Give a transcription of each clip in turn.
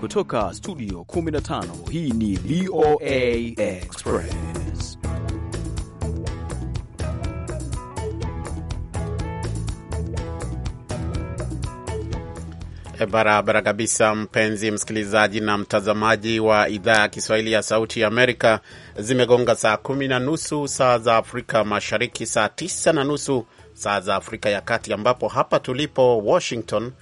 Kutoka studio 15 hii ni VOA Express. Eh, barabara kabisa, mpenzi msikilizaji na mtazamaji wa idhaa ya Kiswahili ya Sauti ya Amerika. Zimegonga saa kumi na nusu saa za Afrika Mashariki, saa tisa na nusu saa za Afrika ya Kati, ambapo hapa tulipo Washington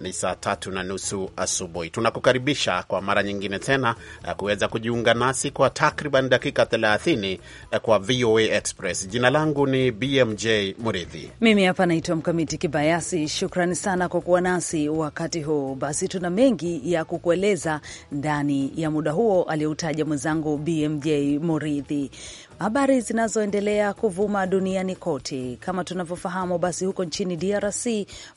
ni saa tatu na nusu asubuhi. Tunakukaribisha kwa mara nyingine tena eh, kuweza kujiunga nasi kwa takriban dakika 30 eh, kwa VOA Express. Jina langu ni BMJ Muridhi, mimi hapa naitwa Mkamiti Kibayasi. Shukrani sana kwa kuwa nasi wakati huu. Basi tuna mengi ya kukueleza ndani ya muda huo aliyoutaja mwenzangu BMJ Muridhi. Habari zinazoendelea kuvuma duniani kote, kama tunavyofahamu, basi huko nchini DRC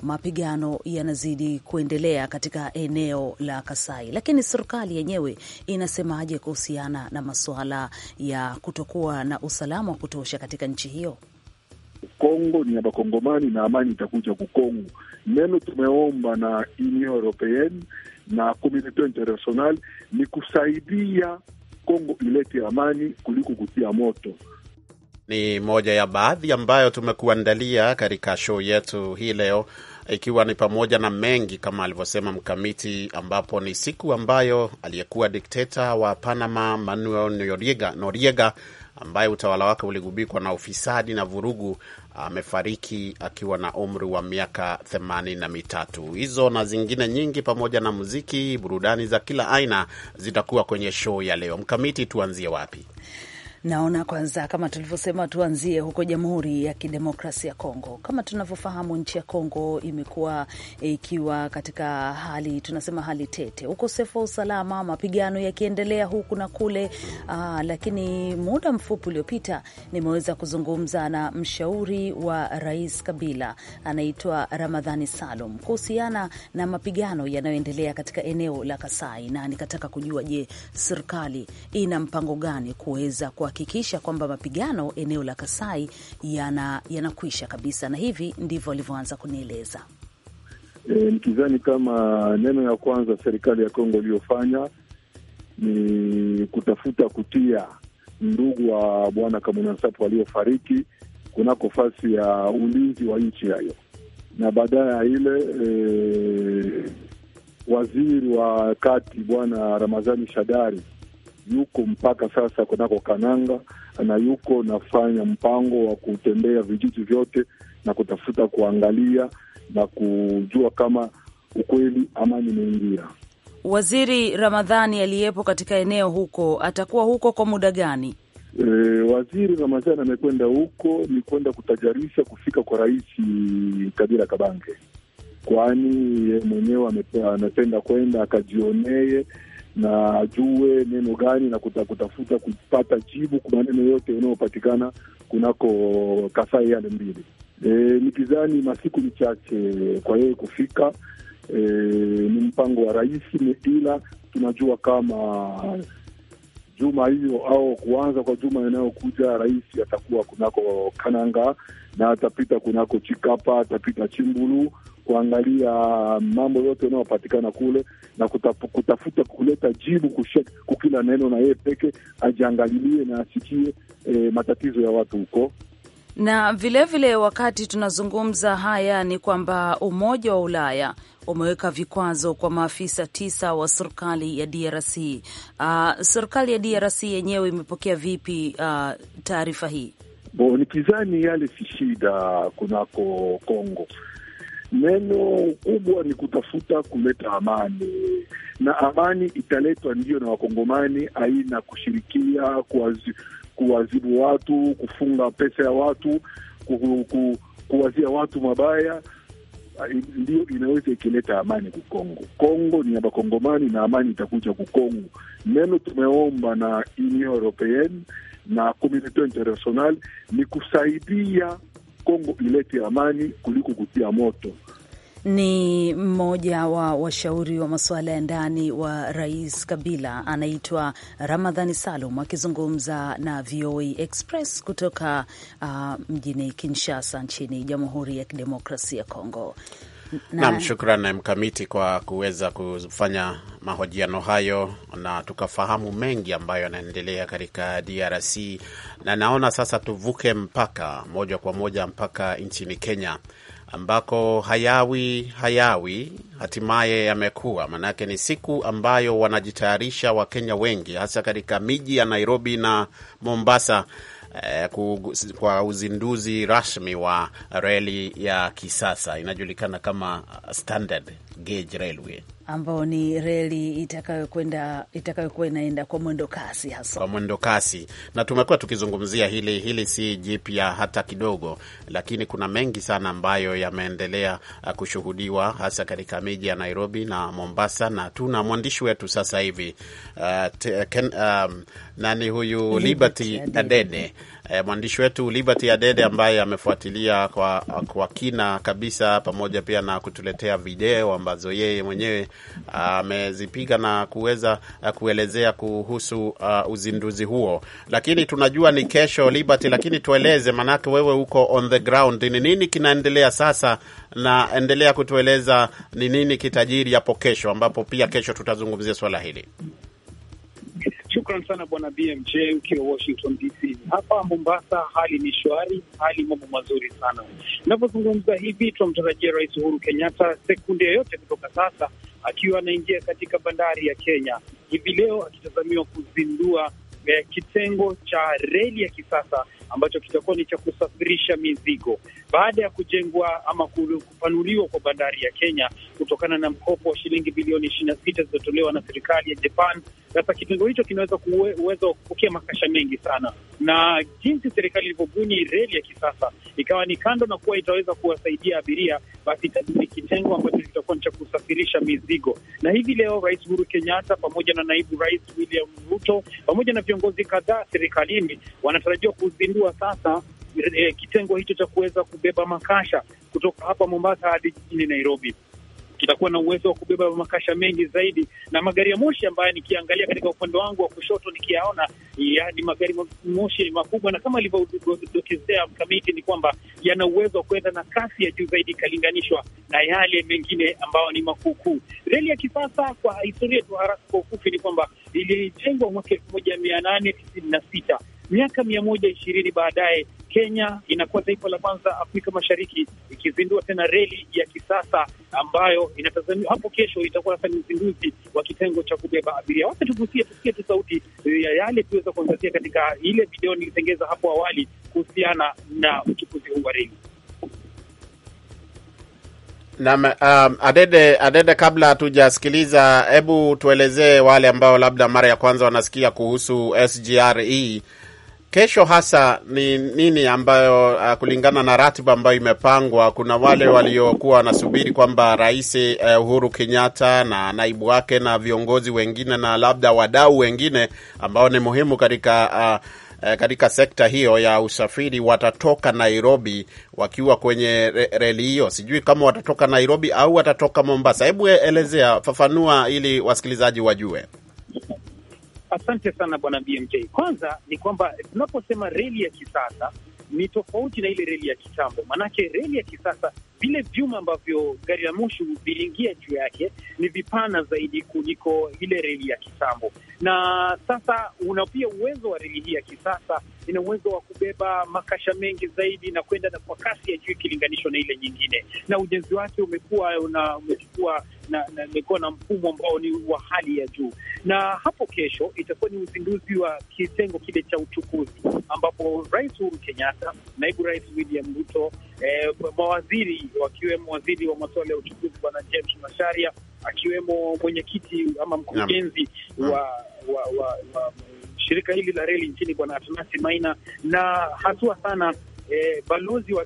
mapigano yanazidi kuendelea katika eneo la Kasai, lakini serikali yenyewe inasemaje kuhusiana na masuala ya kutokuwa na usalama wa kutosha katika nchi hiyo? Kongo ni ya makongomani na amani itakuja kuKongo. Neno tumeomba na Union na komunite international ni kusaidia Kongo ilete amani kuliko kutia moto. Ni moja ya baadhi ambayo tumekuandalia katika show yetu hii leo, ikiwa ni pamoja na mengi kama alivyosema Mkamiti, ambapo ni siku ambayo aliyekuwa dikteta wa Panama Manuel Noriega, Noriega ambaye utawala wake uligubikwa na ufisadi na vurugu amefariki akiwa na umri wa miaka themanini na mitatu. Hizo na zingine nyingi pamoja na muziki, burudani za kila aina zitakuwa kwenye show ya leo. Mkamiti, tuanzie wapi? Naona kwanza, kama tulivyosema, tuanzie huko Jamhuri ya Kidemokrasia ya Kongo. Kama tunavyofahamu, nchi ya Kongo imekuwa ikiwa katika hali tunasema hali tete, ukosefu wa usalama, mapigano yakiendelea huku na kule. Aa, ah, lakini muda mfupi uliopita nimeweza kuzungumza na mshauri wa Rais Kabila anaitwa Ramadhani Salum kuhusiana na mapigano yanayoendelea katika eneo la Kasai, na nikataka kujua, je, serikali ina mpango gani kuweza kwa kuhakikisha kwamba mapigano eneo la Kasai yanakwisha yana kabisa, na hivi ndivyo alivyoanza kunieleza. E, nikidhani kama neno ya kwanza serikali ya Kongo iliyofanya ni kutafuta kutia ndugu wa bwana Kamwina Nsapu aliyofariki kunako fasi ya ulinzi wa nchi hayo, na baadaye ya ile e, waziri wa kati bwana Ramazani Shadari yuko mpaka sasa kunako Kananga na yuko nafanya mpango wa kutembea vijiji vyote na kutafuta kuangalia na kujua kama ukweli amani nimeingia. Waziri Ramadhani aliyepo katika eneo huko atakuwa huko kwa muda gani? E, waziri Ramadhani amekwenda huko ni kwenda kutajarisha kufika kwa Rais Kabila Kabange, kwani mwenyewe amependa kwenda akajionee na ajue neno gani na kuta, kutafuta kupata jibu kwa maneno yote yanayopatikana kunako Kasai yale mbili. E, nikizani masiku michache kwa yeye kufika. E, ni mpango wa rais, ila tunajua kama juma hiyo au kuanza kwa juma inayokuja rais atakuwa kunako Kananga na atapita kunako Chikapa, atapita Chimbulu kuangalia mambo yote yanayopatikana kule na kutafu, kutafuta kuleta jibu kushek, kukila neno na yeye peke ajiangalilie na asikie e, matatizo ya watu huko na vilevile vile, wakati tunazungumza haya ni kwamba Umoja wa Ulaya umeweka vikwazo kwa maafisa tisa wa serikali ya DRC. Uh, ah, serikali ya DRC yenyewe imepokea vipi uh, taarifa hii? Bo, nikizani yale si shida kunako Kongo. Neno kubwa ni kutafuta kuleta amani, na amani italetwa ndio na Wakongomani, aina kushirikia kuwazi, kuwazibu watu, kufunga pesa ya watu, ku, ku, kuwazia watu mabaya, ndio inaweza ikileta amani ku Kongo ni ya Bakongomani na amani itakuja kukongo. Neno tumeomba na Union Europeenne na komunite international ni kusaidia Kongo ilete amani kuliko kutia moto. Ni mmoja wa washauri wa masuala ya ndani wa Rais Kabila, anaitwa Ramadhani Salum akizungumza na VOA Express kutoka uh, mjini Kinshasa nchini Jamhuri ya Kidemokrasia ya Kongo. Naam, shukran eh, Mkamiti kwa kuweza kufanya mahojiano hayo na tukafahamu mengi ambayo yanaendelea katika DRC, na naona sasa tuvuke mpaka moja kwa moja mpaka nchini Kenya ambako hayawi hayawi hatimaye yamekuwa, maanake ni siku ambayo wanajitayarisha Wakenya wengi hasa katika miji ya Nairobi na Mombasa Eh, kwa uzinduzi rasmi wa reli ya kisasa inajulikana kama standard Gauge Railway ambao ni reli itakayokwenda itakayokuwa inaenda kwa mwendo kasi hasa kwa mwendo kasi, na tumekuwa tukizungumzia hili. Hili si jipya hata kidogo, lakini kuna mengi sana ambayo yameendelea uh, kushuhudiwa hasa katika miji ya Nairobi na Mombasa, na tuna mwandishi wetu sasa hivi uh, um, nani huyu Liberty Adede eh, mwandishi wetu Liberty Adede ambaye amefuatilia kwa, kwa kina kabisa, pamoja pia na kutuletea video ambazo yeye mwenyewe ah, amezipiga na kuweza ah, kuelezea kuhusu uh, uzinduzi huo. Lakini tunajua ni kesho Liberty, lakini tueleze, manake wewe uko on the ground, ni nini kinaendelea sasa, na endelea kutueleza ni nini kitajiri hapo kesho, ambapo pia kesho tutazungumzia swala hili. Shukran sana bwana BMJ ukiwa Washington DC. Hapa Mombasa hali ni shwari, hali mambo mazuri sana. Navyozungumza hivi, tunamtarajia Rais Uhuru Kenyatta sekunde yoyote kutoka sasa akiwa anaingia katika bandari ya Kenya hivi leo, akitazamiwa kuzindua eh, kitengo cha reli ya kisasa ambacho kitakuwa ni cha kusafirisha mizigo baada ya kujengwa ama kupanuliwa kwa bandari ya Kenya kutokana na mkopo wa shilingi bilioni ishirini na sita zilizotolewa na serikali ya Japan. Sasa kitengo hicho kinaweza kuweza kupokea makasha mengi sana, na jinsi serikali ilivyobuni reli ya kisasa ikawa ni kando na kuwa itaweza kuwasaidia abiria, basi itabidi kitengo ambacho kitakuwa ni cha kusafirisha mizigo. Na hivi leo Rais Uhuru Kenyatta pamoja na naibu rais William Ruto pamoja na viongozi kadhaa serikalini wanatarajiwa kuzindua sasa e, kitengo hicho cha kuweza kubeba makasha kutoka hapa Mombasa hadi jijini Nairobi kitakuwa na uwezo wa kubeba makasha mengi zaidi, na magari ya moshi ambayo nikiangalia katika upande wangu wa kushoto nikiyaona, yaani magari moshi makubwa, na kama alivyodokezea mkamiti ni kwamba yana uwezo wa kuenda na kasi ya juu zaidi ikalinganishwa na yale mengine ambayo ni makuukuu. Reli ya kisasa, kwa historia tu haraka kwa ufupi, ni kwamba ilijengwa mwaka elfu moja mia nane tisini na sita miaka mia moja ishirini baadaye Kenya inakuwa taifa la kwanza Afrika Mashariki ikizindua tena reli ya kisasa ambayo inatazamiwa hapo kesho itakuwa sasa ni uzinduzi wa kitengo cha kubeba abiria. Wacha tugusie, tusikie tu sauti ya yale tuweza kuangazia katika ile video nilitengeza hapo awali kuhusiana na uchukuzi huu wa reli. Naam, um, Adede, Adede, kabla hatujasikiliza, hebu tuelezee wale ambao labda mara ya kwanza wanasikia kuhusu SGRE Kesho hasa ni nini ambayo, uh, kulingana na ratiba ambayo imepangwa, kuna wale waliokuwa wanasubiri kwamba Rais uh, Uhuru Kenyatta na naibu wake na viongozi wengine na labda wadau wengine ambao ni muhimu katika uh, uh katika sekta hiyo ya usafiri watatoka Nairobi wakiwa kwenye reli hiyo. Sijui kama watatoka Nairobi au watatoka Mombasa. Hebu e-, elezea, fafanua ili wasikilizaji wajue. Asante sana bwana BMJ. Kwanza ni kwamba tunaposema reli ya kisasa ni tofauti na ile reli ya kitambo, maanake reli ya kisasa vile vyuma ambavyo gari la moshi viliingia juu yake ni vipana zaidi kuliko ile reli ya kitambo, na sasa una pia uwezo wa reli hii ya kisasa, ina uwezo wa kubeba makasha mengi zaidi na kwenda na kwa kasi ya juu ikilinganishwa na ile nyingine, na ujenzi wake umekuwa una umechukua na, na, na mfumo ambao ni wa hali ya juu, na hapo kesho itakuwa ni uzinduzi wa kitengo kile cha uchukuzi ambapo Rais Uhuru Kenyatta, naibu rais William Ruto, eh, mawaziri wakiwemo waziri wa masuala ya uchukuzi Bwana James Masharia, akiwemo mwenyekiti ama mkurugenzi wa, wa, wa, wa shirika hili la reli nchini Bwana Atanasi Maina, na hatua sana eh, balozi wa,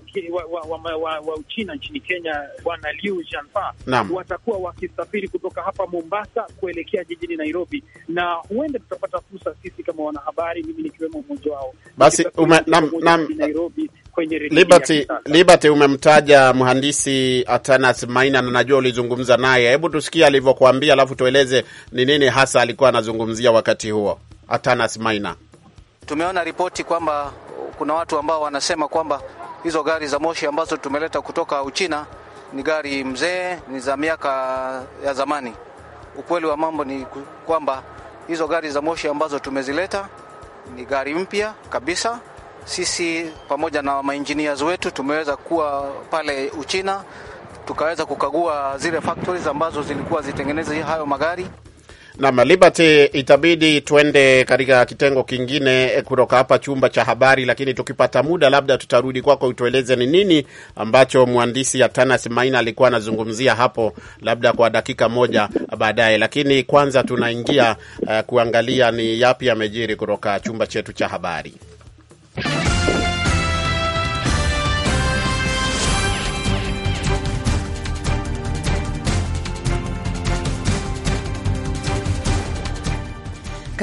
wa, wa, wa, wa wa Uchina nchini Kenya Bwana Liu Janfa watakuwa wakisafiri kutoka hapa Mombasa kuelekea jijini Nairobi, na huenda tutapata fursa sisi kama wanahabari, mimi nikiwemo mmoja wao, basi ume, nam, nam, Nairobi kwenye Liberty, Liberty umemtaja mhandisi Atanas Maina na najua ulizungumza naye. Hebu tusikie alivyokuambia, alafu tueleze ni nini hasa alikuwa anazungumzia wakati huo Atanas Maina. Tumeona ripoti kwamba kuna watu ambao wanasema kwamba hizo gari za moshi ambazo tumeleta kutoka Uchina ni gari mzee, ni za miaka ya zamani. Ukweli wa mambo ni kwamba hizo gari za moshi ambazo tumezileta ni gari mpya kabisa. Sisi pamoja na mainjinia wetu tumeweza kuwa pale Uchina tukaweza kukagua zile factories ambazo zilikuwa zitengeneza hayo magari. Nam Liberty, itabidi tuende katika kitengo kingine eh, kutoka hapa chumba cha habari, lakini tukipata muda, labda tutarudi kwako, utueleze ni nini ambacho mwandishi Atanas Maina alikuwa anazungumzia hapo, labda kwa dakika moja baadaye. Lakini kwanza tunaingia uh, kuangalia ni yapi yamejiri kutoka chumba chetu cha habari.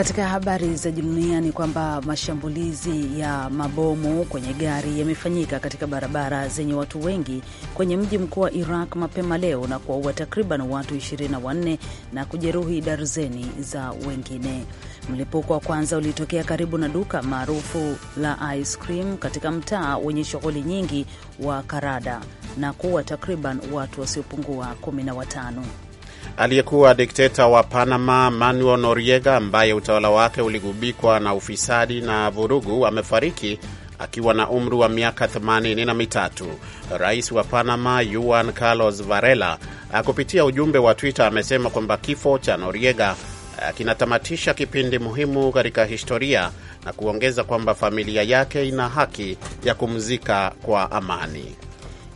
Katika habari za dunia ni kwamba mashambulizi ya mabomu kwenye gari yamefanyika katika barabara zenye watu wengi kwenye mji mkuu wa Iraq mapema leo na kuwaua takriban watu 24 na kujeruhi darzeni za wengine. Mlipuko wa kwanza ulitokea karibu na duka maarufu la ice cream katika mtaa wenye shughuli nyingi wa Karada na kuua takriban watu wasiopungua na watano Aliyekuwa dikteta wa Panama Manuel Noriega, ambaye utawala wake uligubikwa na ufisadi na vurugu, amefariki akiwa na umri wa miaka themanini na mitatu. Rais wa Panama Juan Carlos Varela eh, kupitia ujumbe wa Twitter amesema kwamba kifo cha Noriega eh, kinatamatisha kipindi muhimu katika historia na kuongeza kwamba familia yake ina haki ya kumzika kwa amani.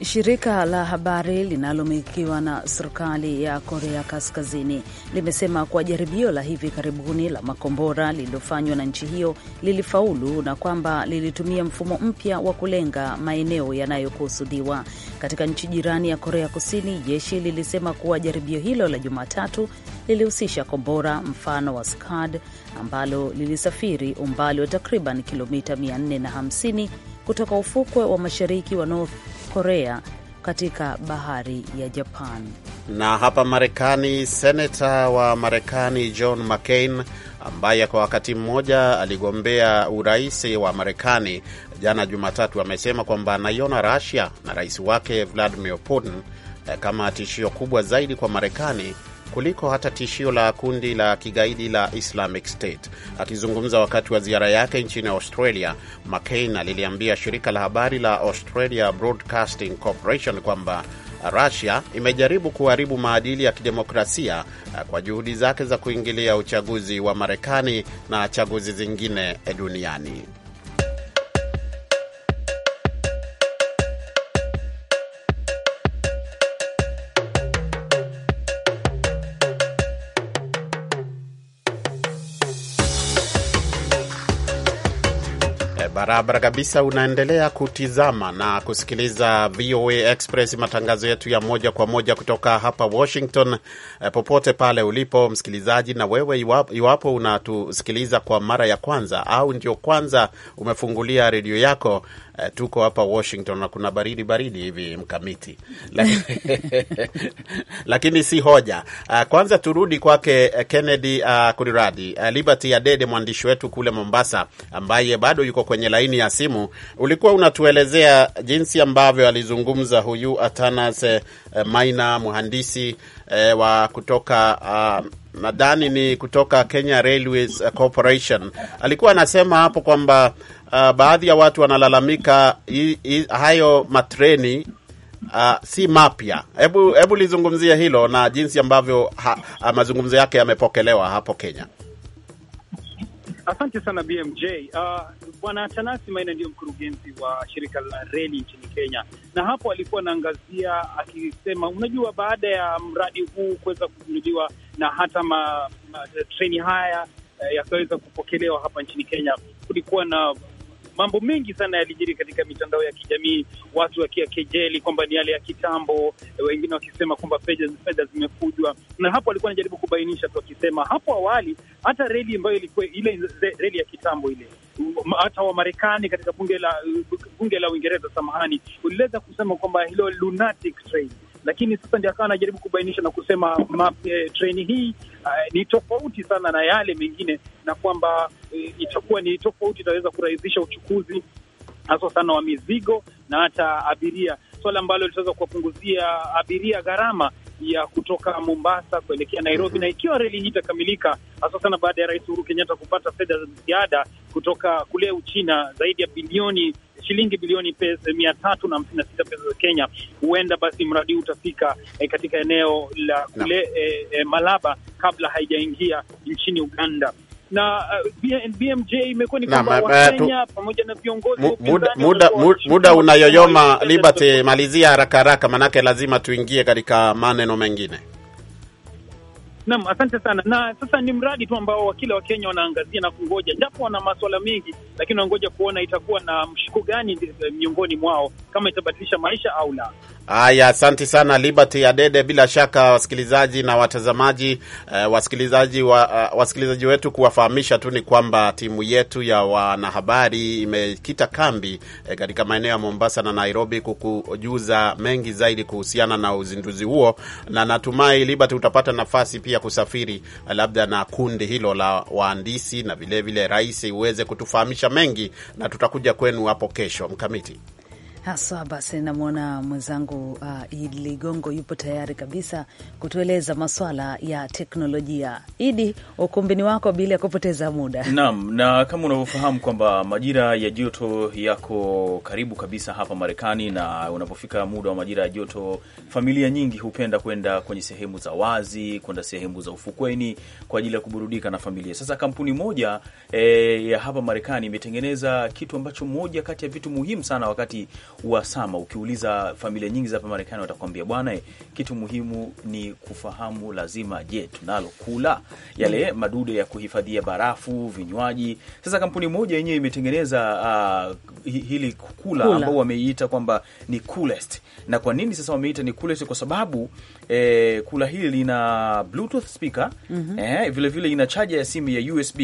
Shirika la habari linalomilikiwa na serikali ya Korea Kaskazini limesema kuwa jaribio la hivi karibuni la makombora lililofanywa na nchi hiyo lilifaulu na kwamba lilitumia mfumo mpya wa kulenga maeneo yanayokusudiwa. Katika nchi jirani ya Korea Kusini, jeshi lilisema kuwa jaribio hilo la Jumatatu lilihusisha kombora mfano wa SCAD ambalo lilisafiri umbali wa takriban kilomita 450 kutoka ufukwe wa mashariki wa North Korea katika bahari ya Japan. Na hapa Marekani, seneta wa Marekani John McCain ambaye kwa wakati mmoja aligombea urais wa Marekani, jana Jumatatu amesema kwamba anaiona Russia na rais wake Vladimir Putin eh, kama tishio kubwa zaidi kwa Marekani kuliko hata tishio la kundi la kigaidi la Islamic State. Akizungumza wakati wa ziara yake nchini Australia, McCain aliliambia shirika la habari la Australia Broadcasting Corporation kwamba Russia imejaribu kuharibu maadili ya kidemokrasia eh, kwa juhudi zake za kuingilia uchaguzi wa Marekani na chaguzi zingine duniani. Eh, barabara kabisa. Unaendelea kutizama na kusikiliza VOA Express, matangazo yetu ya moja kwa moja kutoka hapa Washington. Eh, popote pale ulipo msikilizaji, na wewe iwapo unatusikiliza kwa mara ya kwanza au ndio kwanza umefungulia redio yako, eh, tuko hapa Washington na kuna baridi baridi hivi mkamiti lakini si hoja. Uh, kwanza turudi kwake eh, Kennedy uh, ah, Kuriradi uh, ah, Liberty Adede, mwandishi wetu kule Mombasa, ambaye bado yuko kwenye laini ya simu. Ulikuwa unatuelezea jinsi ambavyo alizungumza huyu Atanas uh, eh, Maina, mhandisi uh, wa kutoka uh, nadhani ni kutoka Kenya Railways uh, Corporation, alikuwa anasema hapo kwamba uh, baadhi ya watu wanalalamika i, i, hayo matreni Uh, si mapya. Hebu hebu hilo na jinsi ambavyo uh, mazungumzo yake yamepokelewa hapo Kenya. Asante sana BMJ. Uh, Bwana Tanasi Maina ndiyo mkurugenzi wa shirika la reli nchini Kenya, na hapo alikuwa anaangazia akisema, unajua baada ya mradi huu kuweza kuzinduliwa na hata ma, ma, treni haya eh, yakaweza kupokelewa hapa nchini Kenya, kulikuwa na mambo mengi sana yalijiri katika mitandao ya kijamii, watu wakiakejeli kwamba ni yale ya kitambo, wengine wakisema kwamba fedha zimefujwa. Na hapo alikuwa anajaribu kubainisha tu, akisema hapo awali hata reli ambayo ilikuwa ile reli ya kitambo ile, hata Wamarekani katika bunge la bunge la Uingereza, samahani, uliweza kusema kwamba hilo lunatic train lakini sasa ndio akawa anajaribu kubainisha na kusema e, eh, treni hii Uh, ni tofauti sana na yale mengine na kwamba e, itakuwa ni tofauti, itaweza kurahisisha uchukuzi haswa sana wa mizigo na hata abiria, swala ambalo litaweza kuwapunguzia abiria gharama ya kutoka Mombasa kuelekea Nairobi, na ikiwa reli hii itakamilika, hasa sana baada ya Rais Uhuru Kenyatta kupata fedha za ziada kutoka kule Uchina zaidi ya bilioni shilingi bilioni mia tatu na hamsini na sita pesa za Kenya, huenda basi mradi huu utafika eh, katika eneo la kule eh, eh, Malaba kabla haijaingia nchini Uganda na eh, BMJ imekuwa ni kwamba eh, eh, Wakenya pamoja na viongozi muda, muda, muda unayoyoma. Liberty, malizia haraka haraka, manake lazima tuingie katika maneno mengine. Naam, asante sana. Na sasa ni mradi tu ambao kila Wakenya wanaangazia na kungoja, japo wana maswala mengi, lakini wanangoja kuona itakuwa na mshiko gani miongoni mwao, kama itabadilisha maisha au la. Haya, asante sana Liberty Adede. Bila shaka wasikilizaji na watazamaji eh, wasikilizaji wa, uh, wasikilizaji wetu kuwafahamisha tu ni kwamba timu yetu ya wanahabari imekita kambi eh, katika maeneo ya Mombasa na Nairobi kukujuza mengi zaidi kuhusiana na uzinduzi huo, na natumai Liberty utapata nafasi pia kusafiri eh, labda na kundi hilo la waandisi na vilevile rais, uweze kutufahamisha mengi, na tutakuja kwenu hapo kesho mkamiti. Haswa basi, namwona mwenzangu uh, Idi Ligongo yupo tayari kabisa kutueleza maswala ya teknolojia. Idi, ukumbini wako bila ya kupoteza muda. Naam, na kama unavyofahamu kwamba majira ya joto yako karibu kabisa hapa Marekani, na unapofika muda wa majira ya joto, familia nyingi hupenda kwenda kwenye sehemu za wazi, kwenda sehemu za ufukweni kwa ajili ya kuburudika na familia. Sasa kampuni moja eh, ya hapa Marekani imetengeneza kitu ambacho moja kati ya vitu muhimu sana wakati uhasama. Ukiuliza familia nyingi za hapa Marekani watakwambia bwana, kitu muhimu ni kufahamu lazima, je, tunalo kula yale mm. madude ya kuhifadhia barafu, vinywaji. Sasa kampuni moja yenyewe imetengeneza uh, hili kula, kula, ambao wameiita kwamba ni coolest. Na kwa nini sasa wameita ni coolest? Kwa sababu eh, kula hili lina bluetooth speaker mm -hmm. eh, vilevile ina chaja ya simu ya USB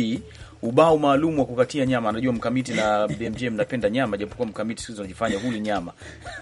ubao maalum wa kukatia nyama. Anajua mkamiti na BMJ mnapenda nyama, japokuwa mkamiti siku hizi anajifanya huli nyama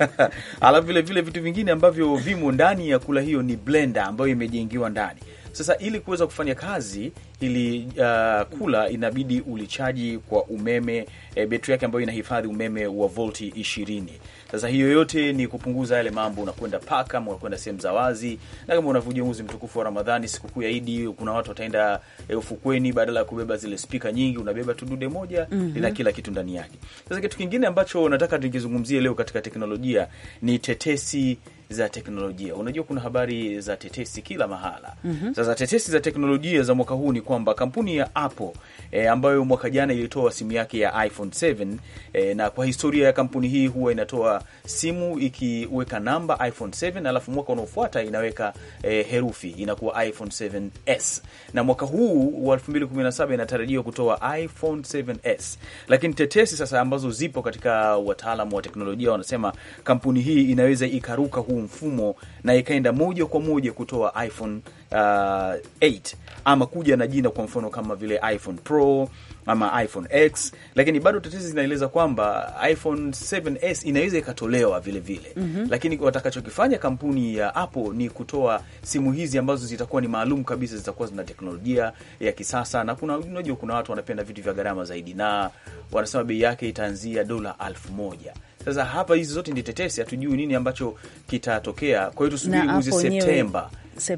alafu vile vile vitu vingine ambavyo vimo ndani ya kula hiyo ni blender ambayo imejengiwa ndani sasa ili kuweza kufanya kazi ili uh, kula inabidi ulichaji kwa umeme e, betri yake ambayo inahifadhi umeme wa volti ishirini. Sasa hiyo yote ni kupunguza yale mambo, unakwenda paka, unakwenda sehemu za wazi, na kama unavuja mwezi mtukufu wa Ramadhani, sikukuu ya Idi, kuna watu wataenda e, ufukweni, badala ya kubeba zile spika nyingi, unabeba dude moja mm -hmm. lina kila kitu ndani yake. Sasa kitu kingine ambacho nataka tukizungumzie leo katika teknolojia ni tetesi za teknolojia. Unajua kuna habari za tetesi kila mahala. mm -hmm. Sasa tetesi za teknolojia za mwaka huu ni kwamba kampuni ya Apple e, ambayo mwaka jana ilitoa simu yake ya iPhone 7 e, eh, na kwa historia ya kampuni hii huwa inatoa simu ikiweka namba iPhone 7 alafu mwaka unaofuata inaweka e, herufi inakuwa iPhone 7s na mwaka huu wa 2017 inatarajiwa kutoa iPhone 7s, lakini tetesi sasa ambazo zipo katika wataalamu wa teknolojia wanasema kampuni hii inaweza ikaruka huu huu mfumo na ikaenda moja kwa moja kutoa iPhone uh, 8 ama kuja na jina kwa mfano kama vile iPhone Pro ama iPhone X, lakini bado tetezi zinaeleza kwamba iPhone 7s inaweza ikatolewa vile vile. mm -hmm. Lakini watakachokifanya kampuni ya Apple ni kutoa simu hizi ambazo zitakuwa ni maalum kabisa, zitakuwa zina teknolojia ya kisasa, na kuna unajua, kuna watu wanapenda vitu vya gharama zaidi, na wanasema bei yake itaanzia dola elfu moja sasa hapa hizi zote ni tetesi, hatujui nini ambacho kitatokea. Kwa hiyo tusubiri mwezi Septemba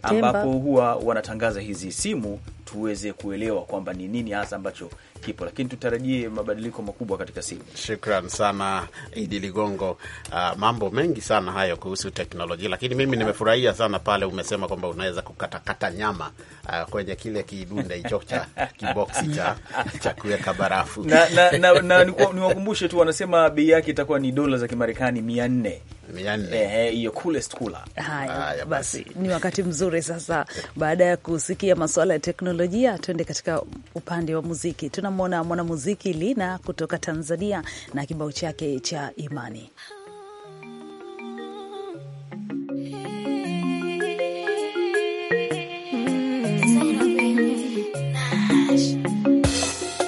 ambapo huwa wanatangaza hizi simu tuweze kuelewa kwamba ni nini hasa ambacho kipo, lakini tutarajie mabadiliko makubwa katika simu Shukran sana Idi Ligongo. Uh, mambo mengi sana hayo kuhusu teknolojia, lakini mimi nimefurahia sana pale umesema kwamba unaweza kukatakata nyama uh, kwenye kile kidunde hicho cha kiboksi cha, cha kuweka barafu na, na, na, na niwakumbushe tu, wanasema bei yake itakuwa ni dola za Kimarekani mia nne hiyo coolest cooler. Haya basi, ni wakati mzuri sasa baada ya kusikia masuala ya teknolojia teknolojia, tuende katika upande wa muziki. Tunamwona mwanamuziki Lina kutoka Tanzania na kibao chake cha Imani.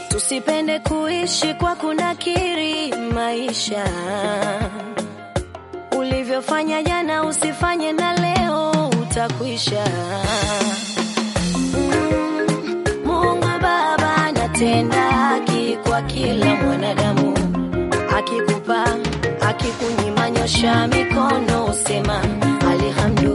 Tusipende kuishi kwa kunakiri maisha, ulivyofanya jana usifanye na leo, utakwisha. akitenda haki kwa kila mwanadamu, akikupa, akikunyima, nyosha mikono, sema alhamdu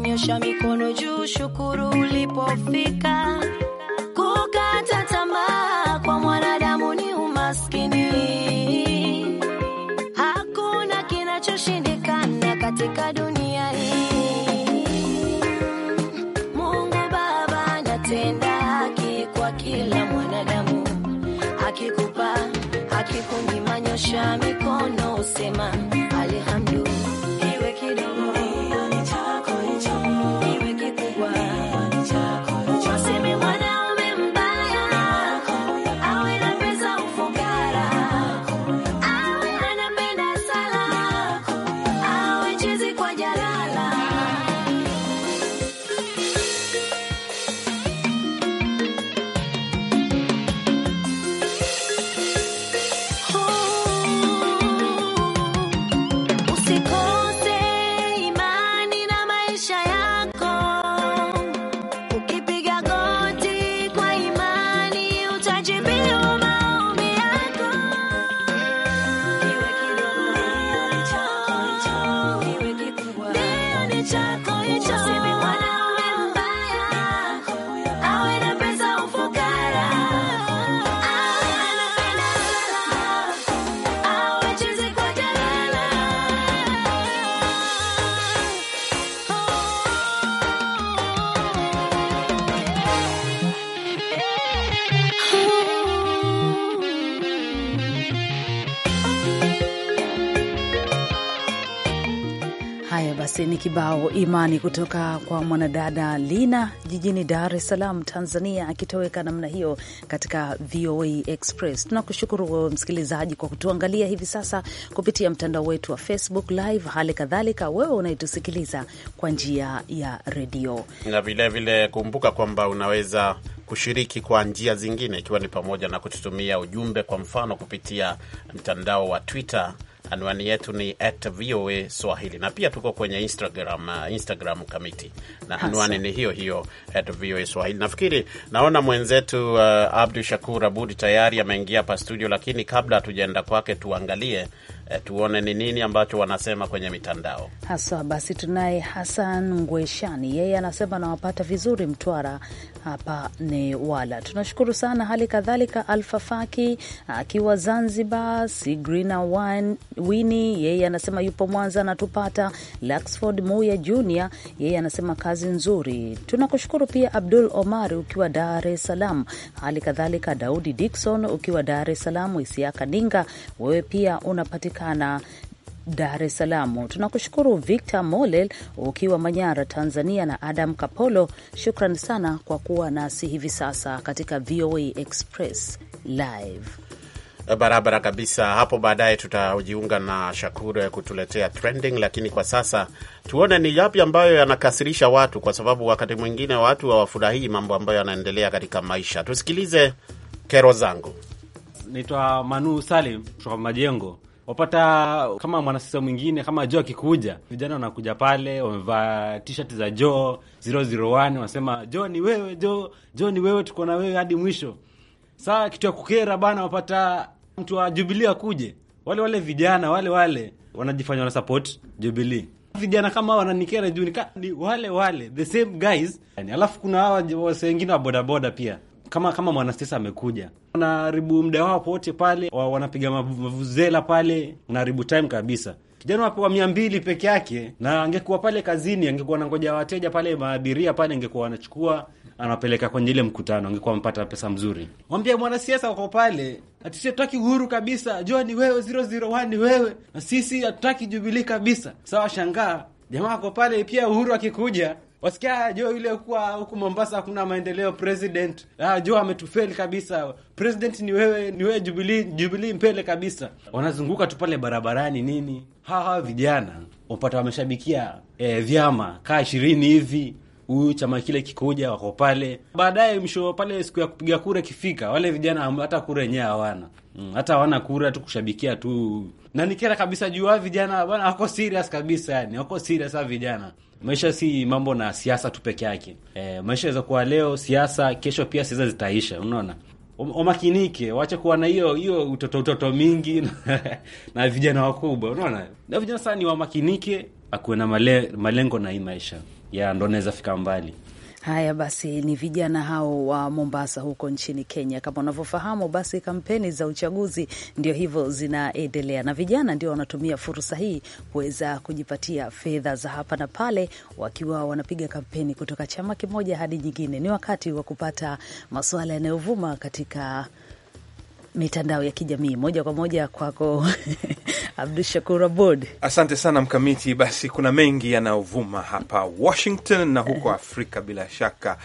nyosha mikono juu, shukuru ulipofika. Kukata tamaa kwa mwanadamu ni umaskini, hakuna kinachoshindikana katika dunia hii. Mungu Baba anatenda haki kwa kila mwanadamu, akikupa, akikunyima, nyosha mikono, usema kibao Imani kutoka kwa mwanadada Lina jijini Dar es Salaam, Tanzania, akitoweka namna hiyo katika VOA Express. Tunakushukuru wewe msikilizaji kwa kutuangalia hivi sasa kupitia mtandao wetu wa Facebook Live, hali kadhalika wewe unayetusikiliza kwa njia ya redio, na vilevile kumbuka kwamba unaweza kushiriki kwa njia zingine, ikiwa ni pamoja na kututumia ujumbe, kwa mfano kupitia mtandao wa Twitter Anwani yetu ni at VOA Swahili na pia tuko kwenye Instagram, uh, Instagram kamiti na anwani ni hiyo hiyo at VOA Swahili. Nafikiri naona mwenzetu uh, Abdu Shakur Abud tayari ameingia hapa studio, lakini kabla hatujaenda kwake tuangalie Eh, tuone ni nini ambacho wanasema kwenye mitandao haswa. Basi tunaye Hasan Ngweshani, yeye anasema anawapata vizuri Mtwara hapa ni wala. Tunashukuru sana, hali kadhalika Faki akiwa Zanzibar, Sigrina Wini yeye anasema yupo Mwanza anatupata. Laxford Muya Junior yeye anasema kazi nzuri, tunakushukuru pia. Abdul Omar ukiwa Dar es Salaam, hali kadhalika Daudi Dikson ukiwa Dar es Salaam. Isiaka Ninga wewe pia unapatikana kupatikana Dar es Salaam. Tunakushukuru Victor Molel ukiwa Manyara, Tanzania, na Adam Kapolo, shukran sana kwa kuwa nasi hivi sasa katika VOA Express Live. Eh, barabara kabisa. Hapo baadaye tutajiunga na Shakur kutuletea trending, lakini kwa sasa tuone ni yapi ambayo yanakasirisha watu, kwa sababu wakati mwingine watu hawafurahii mambo ambayo yanaendelea katika maisha. Tusikilize kero zangu. Naitwa Manu Salim kutoka Majengo wapata kama mwanasiasa mwingine kama Jo akikuja, vijana wanakuja pale wamevaa t-shirt za Jo 001 wanasema Jo ni wewe, Jo, Jo ni wewe, tuko na wewe hadi mwisho. Saa kitu ya kukera bana, wapata mtu wa Jubilee akuje, wale wale vijana wale wale wanajifanya wana support Jubilee vijana kama wananikera juu ni wale wale the same guys yani, alafu kuna hawa wengine wa bodaboda pia kama kama mwanasiasa amekuja, wanaharibu muda wao wote pale, wanapiga mavuzela pale, unaharibu time kabisa. Kijana wapewa mia mbili peke yake, na angekuwa pale kazini, angekuwa nangoja wateja pale, maabiria pale, angekuwa wanachukua anapeleka kwenye ile mkutano, angekuwa amepata pesa mzuri. Mwambia mwanasiasa wako pale, ati sisi hatutaki uhuru kabisa, jua ni wewe 001 ni wewe, na sisi hatutaki Jubilii kabisa. Sawa, shangaa jamaa wako pale pia. Uhuru akikuja wasikia jo, ile kuwa huku Mombasa hakuna maendeleo, president ah, jo ametufeli kabisa, president ni wewe, ni wewe Jubilee, Jubilee mbele kabisa. Wanazunguka tu pale barabarani nini, hawa hawa vijana upata wameshabikia eh, vyama kaa ishirini hivi huyu chama kile kikuja wako pale, baadaye mwisho pale siku ya kupiga kura kifika wale vijana hata kura yenyewe hawana. Mm, hata hawana kura tu kushabikia tu, na nikera kabisa juu hawa vijana bwana wako serious kabisa, yani wako serious hawa vijana. Maisha si mambo na siasa tu peke yake. E, maisha yaweza kuwa leo siasa, kesho pia siasa zitaisha, unaona. Umakinike, wache kuwa na hiyo hiyo utoto utoto mingi na vijana wakubwa, unaona, na vijana sana ni wamakinike, akuwe na male, malengo na hii maisha ya ndo naweza fika mbali. Haya basi, ni vijana hao wa Mombasa huko nchini Kenya. Kama unavyofahamu, basi kampeni za uchaguzi ndio hivyo zinaendelea, na vijana ndio wanatumia fursa hii kuweza kujipatia fedha za hapa na pale, wakiwa wanapiga kampeni kutoka chama kimoja hadi nyingine. Ni wakati wa kupata masuala yanayovuma katika mitandao ya kijamii. Moja kwa moja kwako Abdu Shakur Abud. Asante sana Mkamiti. Basi kuna mengi yanayovuma hapa Washington na huko eh. Afrika bila shaka.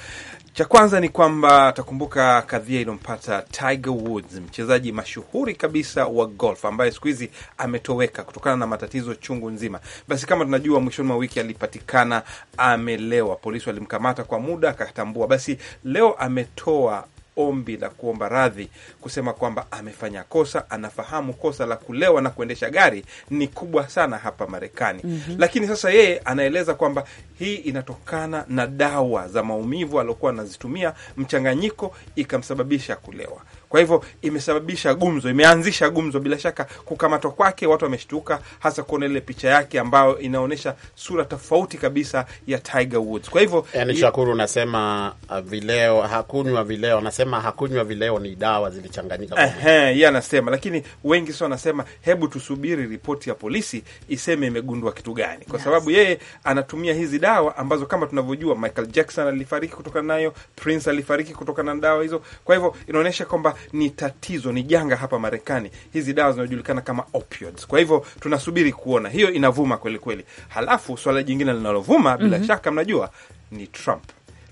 Cha kwanza ni kwamba atakumbuka kadhia iliyompata Tiger Woods, mchezaji mashuhuri kabisa wa golf ambaye siku hizi ametoweka kutokana na matatizo chungu nzima. Basi kama tunajua, mwishoni mwa wiki alipatikana amelewa, polisi walimkamata kwa muda akatambua. Basi leo ametoa ombi la kuomba radhi, kusema kwamba amefanya kosa, anafahamu kosa la kulewa na kuendesha gari ni kubwa sana hapa Marekani. mm -hmm. Lakini sasa yeye anaeleza kwamba hii inatokana na dawa za maumivu aliokuwa anazitumia, mchanganyiko ikamsababisha kulewa. Kwa hivyo imesababisha gumzo, imeanzisha gumzo. Bila shaka kukamatwa kwake watu wameshtuka, hasa kuona ile picha yake ambayo inaonyesha sura tofauti kabisa ya Tiger Woods. Kwa hivyo yani, Shakuru unasema uh, vileo, hakunywa vileo, anasema hakunywa vileo, ni dawa zilichanganyika. Ehe, yeye anasema, lakini wengi sio, anasema hebu tusubiri ripoti ya polisi iseme imegundua kitu gani, kwa sababu yeye anatumia hizi dawa ambazo kama tunavyojua Michael Jackson alifariki kutokana nayo, Prince alifariki kutokana na dawa hizo. Kwa hivyo inaonyesha kwamba ni tatizo, ni janga hapa Marekani, hizi dawa zinaojulikana kama opioids. Kwa hivyo tunasubiri kuona, hiyo inavuma kweli kweli. Halafu swala jingine linalovuma bila mm -hmm. shaka mnajua ni Trump.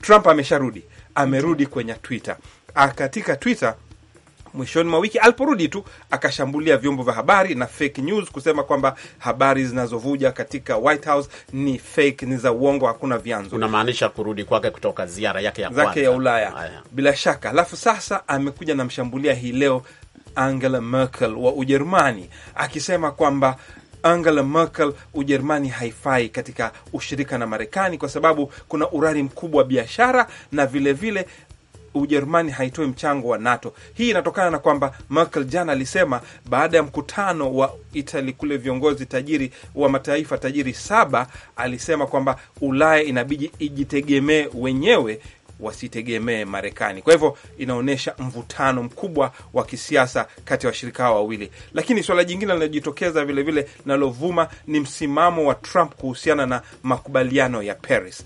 Trump amesharudi, amerudi kwenye Twitter. Ah, katika Twitter mwishoni mwa wiki aliporudi tu akashambulia vyombo vya habari na fake news, kusema kwamba habari zinazovuja katika White House ni fake, ni za uongo, hakuna vyanzo. Unamaanisha kurudi kwake kutoka ziara yake ya kwanza ya Ulaya? Aya. Bila shaka. Alafu sasa amekuja na mshambulia hii leo Angela Merkel wa Ujerumani akisema kwamba Angela Merkel Ujerumani haifai katika ushirika na Marekani kwa sababu kuna urari mkubwa wa biashara na vilevile vile Ujerumani haitoi mchango wa NATO. Hii inatokana na kwamba Merkel jana alisema baada ya mkutano wa Itali kule, viongozi tajiri wa mataifa tajiri saba, alisema kwamba Ulaya inabidi ijitegemee wenyewe wasitegemee Marekani. Kwa hivyo inaonyesha mvutano mkubwa wa kisiasa kati ya washirika hao wawili. Lakini suala jingine linalojitokeza vilevile linalovuma ni msimamo wa Trump kuhusiana na makubaliano ya Paris.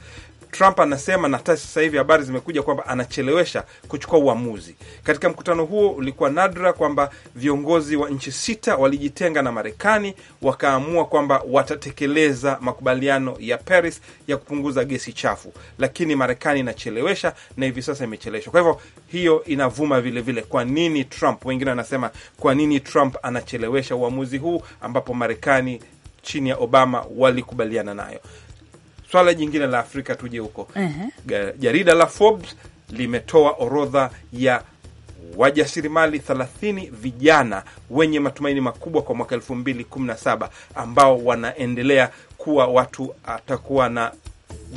Trump anasema na hata sasa hivi habari zimekuja kwamba anachelewesha kuchukua uamuzi. Katika mkutano huo ulikuwa nadra kwamba viongozi wa nchi sita walijitenga na Marekani wakaamua kwamba watatekeleza makubaliano ya Paris ya kupunguza gesi chafu, lakini Marekani inachelewesha na hivi sasa imecheleweshwa. Kwa hivyo hiyo inavuma vilevile vile. Kwa nini Trump, wengine wanasema kwa nini Trump anachelewesha uamuzi huu ambapo Marekani chini ya Obama walikubaliana nayo swala jingine la Afrika tuje huko uh -huh. Jarida la Forbes limetoa orodha ya wajasirimali 30 vijana wenye matumaini makubwa kwa mwaka 2017 ambao wanaendelea kuwa watu atakuwa na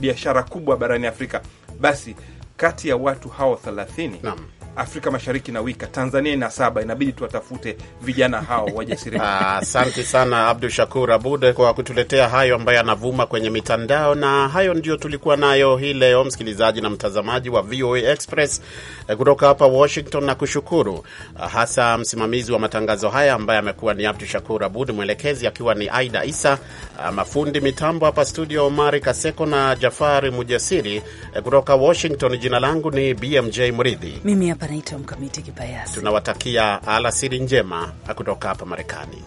biashara kubwa barani Afrika. Basi kati ya watu hao 30 Naam. Afrika Mashariki na wika Tanzania ina saba. Inabidi tuwatafute vijana hao wajasiriamali. Ah, asante sana Abdu Shakur Abud kwa kutuletea hayo ambayo yanavuma kwenye mitandao, na hayo ndio tulikuwa nayo hii leo, msikilizaji na mtazamaji wa VOA Express eh, kutoka hapa Washington, na kushukuru ah, hasa msimamizi wa matangazo haya ambaye amekuwa ni Abdu Shakur Abud, mwelekezi akiwa ni Aida Isa, ah, mafundi mitambo hapa studio Omari Kaseko na Jafari Mujasiri eh, kutoka Washington. Jina langu ni BMJ Mridhi. Hapa naitwa Mkamiti Kibayasi. Tunawatakia alasiri njema kutoka hapa Marekani.